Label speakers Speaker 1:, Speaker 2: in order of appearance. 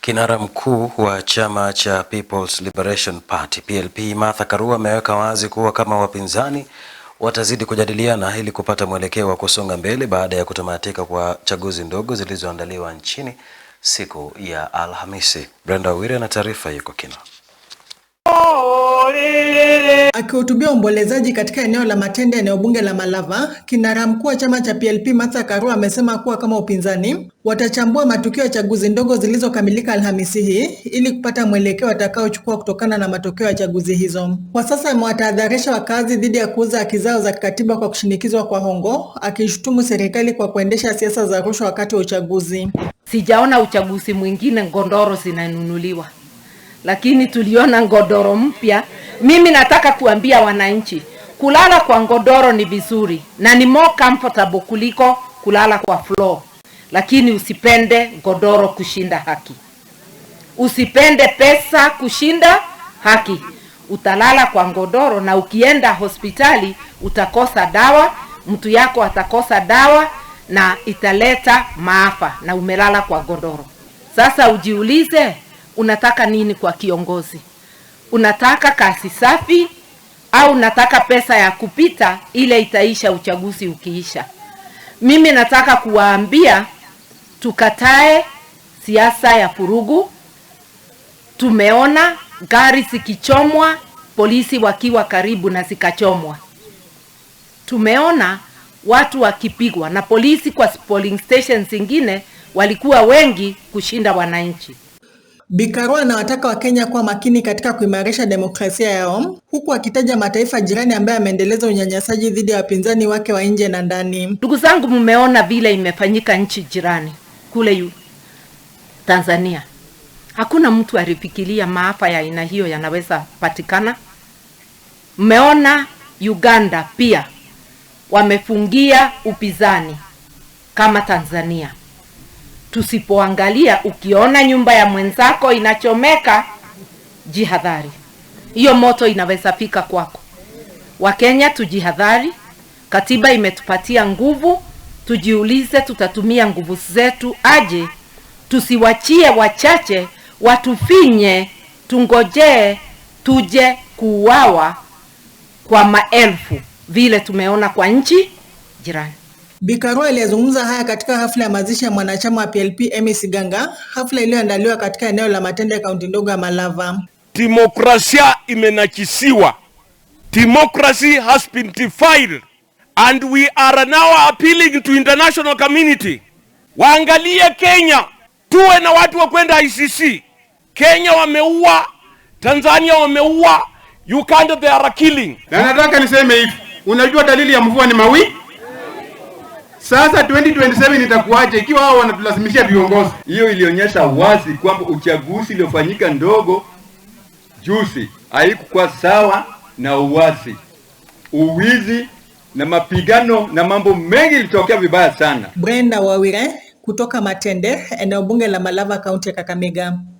Speaker 1: Kinara mkuu wa chama cha People's Liberation Party PLP Martha Karua ameweka wazi kuwa kama wapinzani watazidi kujadiliana ili kupata mwelekeo wa kusonga mbele baada ya kutamatika kwa chaguzi ndogo zilizoandaliwa nchini siku ya Alhamisi. Brenda Wire ana taarifa yuko kina
Speaker 2: Akihutubia uombolezaji katika eneo la Matende, eneo bunge la Malava, kinara mkuu wa chama cha PLP Martha Karua amesema kuwa kama upinzani watachambua matukio ya chaguzi ndogo zilizokamilika Alhamisi hii ili kupata mwelekeo watakaochukua kutokana na matokeo ya chaguzi hizo. Kwa sasa amewatahadharisha wakazi dhidi ya kuuza haki zao za kikatiba kwa kushinikizwa kwa hongo, akishutumu serikali kwa kuendesha siasa za rushwa wakati wa uchaguzi.
Speaker 3: Sijaona uchaguzi mwingine ngondoro zinanunuliwa, lakini tuliona ngondoro mpya mimi nataka kuambia wananchi kulala kwa ngodoro ni vizuri na ni more comfortable kuliko kulala kwa floor, lakini usipende godoro kushinda haki, usipende pesa kushinda haki. Utalala kwa ngodoro na ukienda hospitali utakosa dawa, mtu yako atakosa dawa na italeta maafa, na umelala kwa godoro. Sasa ujiulize, unataka nini kwa kiongozi? unataka kasi safi au nataka pesa ya kupita ile itaisha uchaguzi ukiisha. Mimi nataka kuwaambia tukatae siasa ya furugu. Tumeona gari zikichomwa, polisi wakiwa karibu na zikachomwa. Tumeona watu wakipigwa na polisi kwa polling station zingine walikuwa wengi kushinda wananchi.
Speaker 2: Bi Karua anawataka Wakenya kuwa makini katika kuimarisha demokrasia yao huku akitaja mataifa jirani ambayo yameendeleza unyanyasaji dhidi ya wapinzani wake wa nje na ndani.
Speaker 3: Ndugu zangu, mmeona vile imefanyika nchi jirani kule yu Tanzania. Hakuna mtu alifikiria maafa ya aina hiyo yanaweza patikana. Mmeona Uganda pia wamefungia upinzani kama Tanzania. Tusipoangalia, ukiona nyumba ya mwenzako inachomeka, jihadhari, hiyo moto inaweza fika kwako. Wakenya, tujihadhari. Katiba imetupatia nguvu, tujiulize, tutatumia nguvu zetu aje? Tusiwachie wachache watufinye, tungojee tuje kuuawa kwa maelfu vile tumeona kwa nchi jirani.
Speaker 2: Bikaro aliyezungumza haya katika hafla ya mazishi ya mwanachama wa PLP Emmy Ganga, hafla iliyoandaliwa katika eneo la Matende ya kaunti ndogo ya Malava.
Speaker 4: Demokrasia imenakisiwa. Democracy has been defiled and we are now appealing to international community. Waangalie Kenya, tuwe na watu wa kwenda ICC. Kenya wameua, Tanzania wameua, Uganda they are killing.
Speaker 5: Na nataka niseme hivi, unajua dalili ya mvua ni mawingu sasa 2027 itakuwaje ikiwa hao wanatulazimishia viongozi?
Speaker 6: Hiyo ilionyesha wazi kwamba uchaguzi uliofanyika ndogo juzi haikuwa sawa na uwazi uwizi na mapigano na mambo mengi ilitokea vibaya sana.
Speaker 2: Brenda Wawire kutoka Matende, eneo bunge la Malava, kaunti ya Kakamega.